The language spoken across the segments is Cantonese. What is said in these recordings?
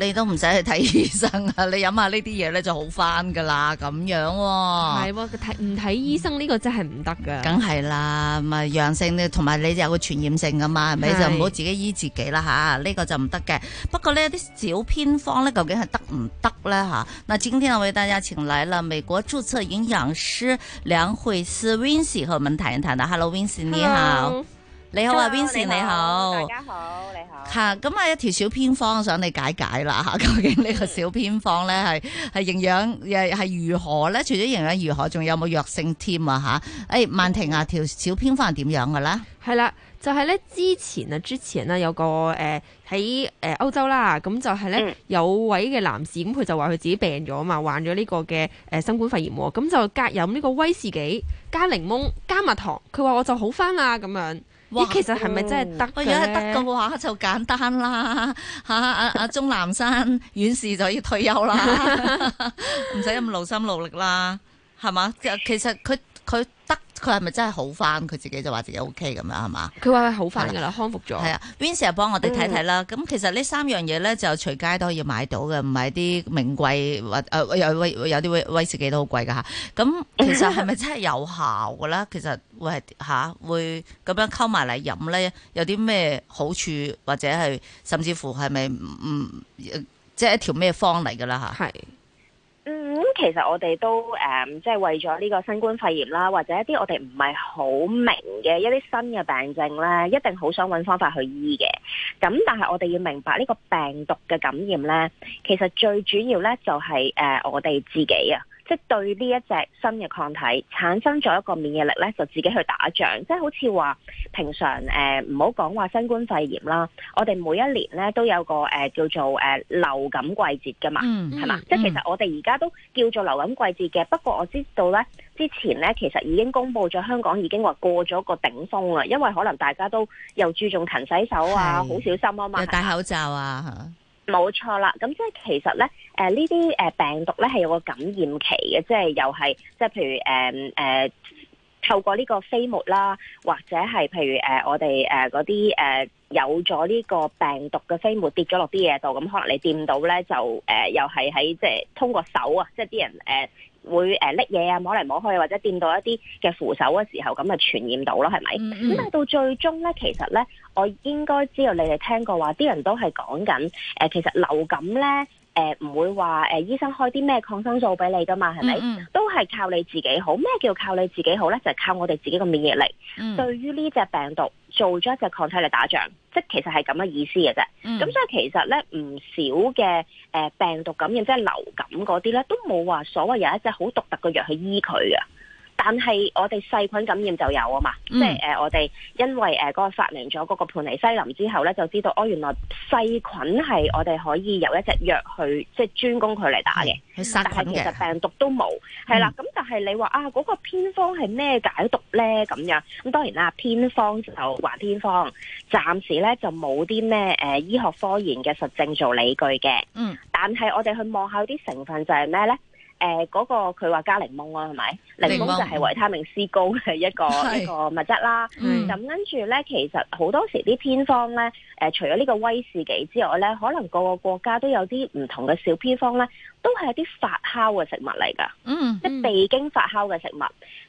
你都唔使去睇醫生 啊！你飲下呢啲嘢咧，就好翻噶啦，咁樣係喎，睇唔睇醫生呢個真係唔得噶。梗係啦，咁陽性咧，同埋你就有傳染性噶嘛，係咪就唔好自己醫自己啦吓？呢個就唔得嘅。不過呢啲小偏方咧，究竟係得唔得咧吓？嗱，今天我為大家請來了美國註冊營養師梁慧思 Vincy 和我們談一談的。Hello，Vincy，你好。你好啊，邊倩 Hello, B ins, 你好，你好大家好。是你好吓，咁啊！一條小偏方想你解解啦吓，究竟呢個小偏方咧係係營養係如何咧？除咗營養如何，仲有冇藥性添啊吓？誒，萬婷啊，條、哎嗯、小偏方係點樣嘅咧？係啦，就係、是、咧之前啊，之前啦有個誒喺誒歐洲啦，咁就係咧有位嘅男士咁，佢、嗯、就話佢自己病咗啊嘛，患咗呢個嘅誒新冠肺炎，咁就隔飲呢個威士忌加檸檬加蜜糖，佢話我就好返啦咁樣。咦，哇其實係咪真係得、嗯、如果得嘅話，就簡單啦。嚇、 啊，阿阿鍾南山院士就要退休啦，唔使咁勞心勞力啦，係嘛？其實佢。佢得，佢係咪真係好返？佢自己就話自己 OK 咁樣，係嘛？佢話佢好返噶啦，的康復咗。係啊，Vincent 幫我哋睇睇啦。咁、嗯、其實呢三樣嘢咧就隨街都可以買到嘅，唔係啲名貴或誒，有有啲威士忌都好貴噶吓。咁、啊、其實係咪真係有效噶咧？其實會係吓、啊、會咁樣溝埋嚟飲咧，有啲咩好處或者係甚至乎係咪唔即係一條咩方嚟噶啦吓？係、啊。其實我哋都誒，即係為咗呢個新冠肺炎啦，或者一啲我哋唔係好明嘅一啲新嘅病症咧，一定好想揾方法去醫嘅。咁但係我哋要明白呢個病毒嘅感染咧，其實最主要咧就係誒我哋自己啊。即係對呢一隻新嘅抗體產生咗一個免疫力咧，就自己去打仗，即係好似話平常誒，唔好講話新冠肺炎啦，我哋每一年咧都有個誒、呃、叫做誒、呃、流感季節噶嘛，係嘛？即係其實我哋而家都叫做流感季節嘅，不過我知道咧之前咧其實已經公布咗香港已經話過咗個頂峰啦，因為可能大家都又注重勤洗手啊，好是小心啊嘛，戴口罩啊，吓，冇錯啦。咁即係其實咧。誒呢啲誒病毒咧係有個感染期嘅，即係又係即係譬如誒誒、嗯嗯、透過呢個飛沫啦，或者係譬如誒、呃、我哋誒嗰啲誒有咗呢個病毒嘅飛沫跌咗落啲嘢度，咁可能你掂到咧就誒、呃、又係喺即係通過手啊，即係啲人誒、呃、會誒拎嘢啊，摸嚟摸去或者掂到一啲嘅扶手嘅時候咁啊傳染到咯，係咪？咁、嗯嗯、但係到最終咧，其實咧我應該知道你哋聽過話啲人，人都係講緊誒，其實流感咧。誒，唔、呃、會話誒、呃，醫生開啲咩抗生素俾你噶嘛，係咪？Mm hmm. 都係靠你自己好。咩叫靠你自己好呢？就係、是、靠我哋自己個免疫力。Mm hmm. 對於呢隻病毒，做咗一隻抗體嚟，打仗，即係其實係咁嘅意思嘅啫。咁、mm hmm. 所以其實呢，唔少嘅誒、呃、病毒感染，即係流感嗰啲呢，都冇話所謂有一隻好獨特嘅藥去醫佢嘅。但係我哋細菌感染就有啊嘛，嗯、即係誒、呃、我哋因為誒嗰個發明咗嗰個盤尼西林之後咧，就知道哦原來細菌係我哋可以由一隻藥去即係專攻佢嚟打嘅，但係其實病毒都冇係、嗯、啦。咁但係你話啊嗰、那個偏方係咩解毒咧咁樣？咁當然啦，偏方就還偏方，暫時咧就冇啲咩誒醫學科研嘅實證做理據嘅。嗯，但係我哋去望下啲成分就係咩咧？誒嗰、呃那個佢話加檸檬啊，係咪檸檬就係維他命 C 高嘅一個是一個物質啦？咁跟住咧，其實好多時啲偏方咧，誒、呃、除咗呢個威士忌之外咧，可能個個國家都有啲唔同嘅小偏方咧，都係一啲發酵嘅食物嚟㗎。嗯，即係未經發酵嘅食物。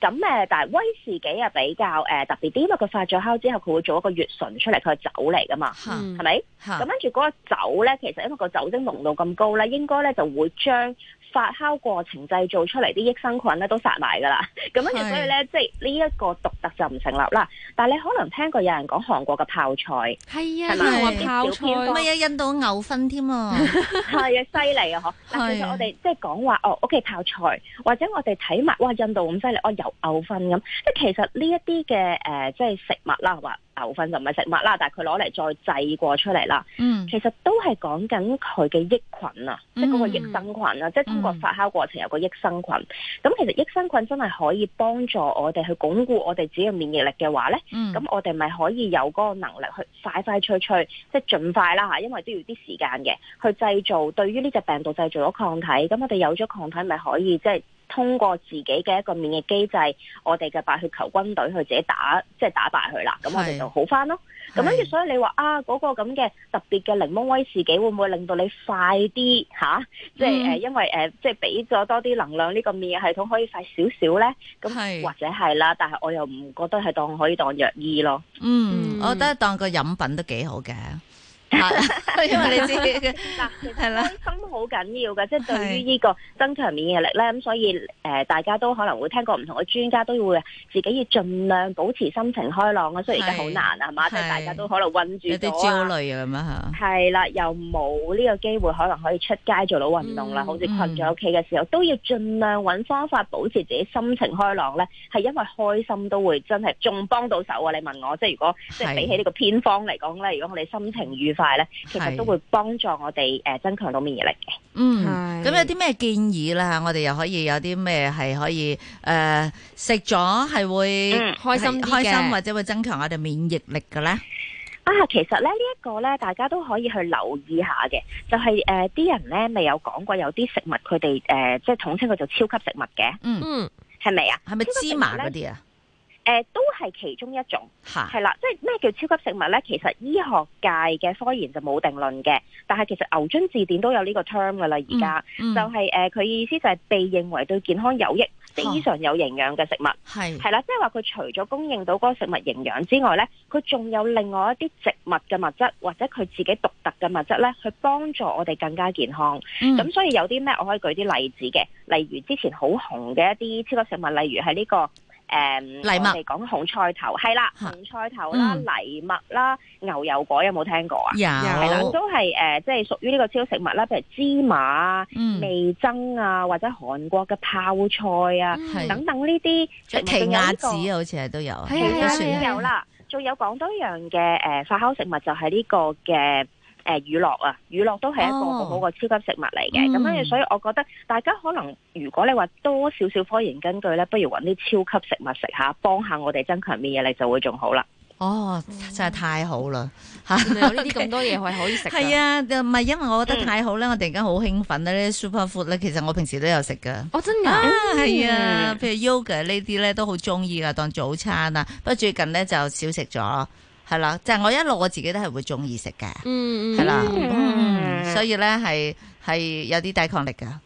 咁誒、嗯，但係威士忌又比較誒、呃、特別啲，因為佢發咗酵之後，佢會做一個乙醇出嚟，佢係酒嚟㗎嘛。係咪、嗯？咁跟住嗰個酒咧，其實因為個酒精濃，濃度咁高咧，應該咧就會將發酵過程製造出嚟啲益生菌咧都殺埋噶啦，咁樣，所以咧即係呢一個獨特就唔成立啦。但係你可能聽過有人講韓國嘅泡菜，係啊，係嘛，泡菜，乜嘢印度牛糞添啊？係啊， 犀利啊！嗬的，嗱，其實我哋即係講話哦，OK，泡菜，或者我哋睇埋哇，印度咁犀利，哦，有牛糞咁，即係其實呢一啲嘅誒，即、呃、係、就是、食物啦，係嘛。豆粉就唔係食物啦，但係佢攞嚟再製過出嚟啦。嗯、其實都係講緊佢嘅益菌啊，嗯、即係嗰個益生菌啦，即係通過發酵過程有個益生菌。咁其實益生菌真係可以幫助我哋去鞏固我哋自己嘅免疫力嘅話咧，咁、嗯、我哋咪可以有嗰個能力去快快脆脆，即係盡快啦吓，因為都要啲時間嘅去製造。對於呢隻病毒製造咗抗體，咁我哋有咗抗體，咪可以即係。通過自己嘅一個免疫機制，我哋嘅白血球軍隊去自己打，即係打敗佢啦。咁是我哋就好翻咯。咁跟住，所以你話啊，嗰、嗰個咁嘅特別嘅檸檬威士忌會唔會令到你快啲吓、嗯呃？即係誒，因為誒，即係俾咗多啲能量呢、這個免疫系統，可以快少少咧。咁是或者係啦，但係我又唔覺得係當可以當藥醫咯。嗯，嗯我覺得當個飲品都幾好嘅。 因為你知嗱， 其實開心好緊要嘅，即、就、係、是、對於呢個增強免疫力咧，咁所以誒，大家都可能會聽過唔同嘅專家都會自己要盡量保持心情開朗啊，所以而家好難啊，係嘛，即係是是 大家都可能困住咗啲焦慮啊咁啊吓，係啦，又冇呢個機會可能可以出街做到運動啦，嗯、好似困咗屋企嘅時候，嗯、都要盡量揾方法保持自己心情開朗咧，係因為開心都會真係仲幫到手啊！你問我，即係如果是 即係比起呢個偏方嚟講咧，如果我哋心情愉快咧，其實都會幫助我哋誒增強到免疫力嘅。嗯，咁是有啲咩建議咧？嚇，我哋又可以有啲咩係可以誒食咗係會開心、嗯、開心，或者會增強我哋免疫力嘅咧？啊，其實咧呢一、這個咧，大家都可以去留意下嘅，就係誒啲人咧未有講過有啲食物佢哋誒，即係統稱佢做「超級食物」嘅。嗯嗯，係咪啊？係咪芝麻嗰啲啊？誒，都係其中一種，係哈啦，即係咩叫超級食物呢？其實醫學界嘅科研就冇定論嘅，但係其實牛津字典都有呢個 term 噶啦，而家、嗯嗯、就係、是、誒，佢、呃、意思就係被認為對健康有益、哈非常有營養嘅食物，係係是啦，即係話佢除咗供應到嗰個食物營養之外呢，佢仲有另外一啲植物嘅物質，或者佢自己獨特嘅物質呢，去幫助我哋更加健康。咁、嗯、所以有啲咩我可以舉啲例子嘅，例如之前好紅嘅一啲超級食物，例如係呢、這個。誒，藜麥，我哋講、嗯、紅菜頭，係啦，哈嗯、紅菜頭啦，藜麥啦，牛油果有冇聽過啊？係有啦，都係誒、呃，即係屬於呢個超食物啦，譬如芝麻、嗯、味噌啊，或者韓國嘅泡菜啊，嗯、等等呢啲。仲有呢、奇亞籽好似係都有，係啊的，有啦。仲有講多一樣嘅誒，發酵食物就係呢個嘅。誒，乳酪啊，乳酪都係一個好好嘅超級食物嚟嘅，咁跟、哦嗯、所以我覺得大家可能如果你話多少少科研根據咧，不如揾啲超級食物食下，幫下我哋增強免疫力就會仲好啦。哦，嗯、真係太好啦！嚇，有呢啲咁多嘢係可以食。係 啊，唔係因為我覺得太好咧，我突然間好興奮咧。Superfood 咧，其實我平時都有食噶。哦，真㗎。啊，係啊，啊啊譬如 yogurt 呢啲咧都好中意啊，當早餐啊，不過最近咧就少食咗。係啦，就係、是、我一路我自己都係會中意食嘅。係啦，所以咧係係有啲抵抗力噶，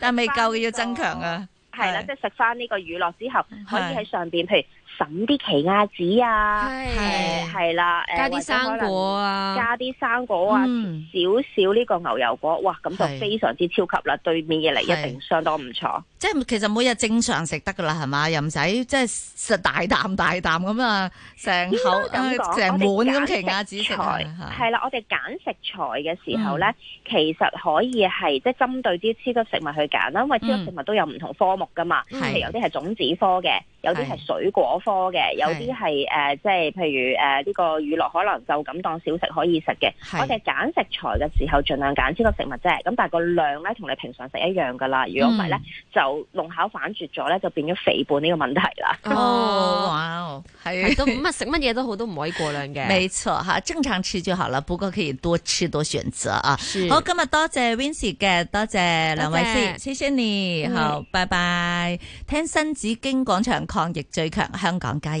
但係未夠嘅要增強啊。係啦、這個，即係食翻呢個乳酪之後，可以喺上邊，的譬如。揼啲奇亞籽啊，係係啦，加啲生果啊，加啲生果啊，少少呢個牛油果，哇，咁就非常之超級啦，對免疫力一定相當唔錯。即係其實每日正常食得噶啦，係嘛，又唔使即係食大啖大啖咁啊，成口咁成碗咁奇亞籽食啊。係啦，我哋揀食材嘅時候咧，其實可以係即係針對啲超級食物去揀啦，因為超級食物都有唔同科目噶嘛，譬如有啲係種子科嘅。有啲係水果科嘅，有啲係誒，即、呃、係譬如誒呢、呃這個乳酪，可能就咁當小食可以食嘅。是我哋揀食材嘅時候，盡量揀呢個食物啫。咁但係個量咧，同你平常食一樣噶啦。如果唔係咧，就弄巧反拙咗咧，就變咗肥胖呢個問題啦。哦！ 係都咁啊，食乜嘢都好，都唔可以過量嘅。沒錯吓，正常吃就好了，不過可以多吃多選擇啊。是好，今日多謝 Vincent 嘅，多謝兩位，先，謝謝你。好，嗯、拜拜。聽新紫荊廣場抗疫最強香港街。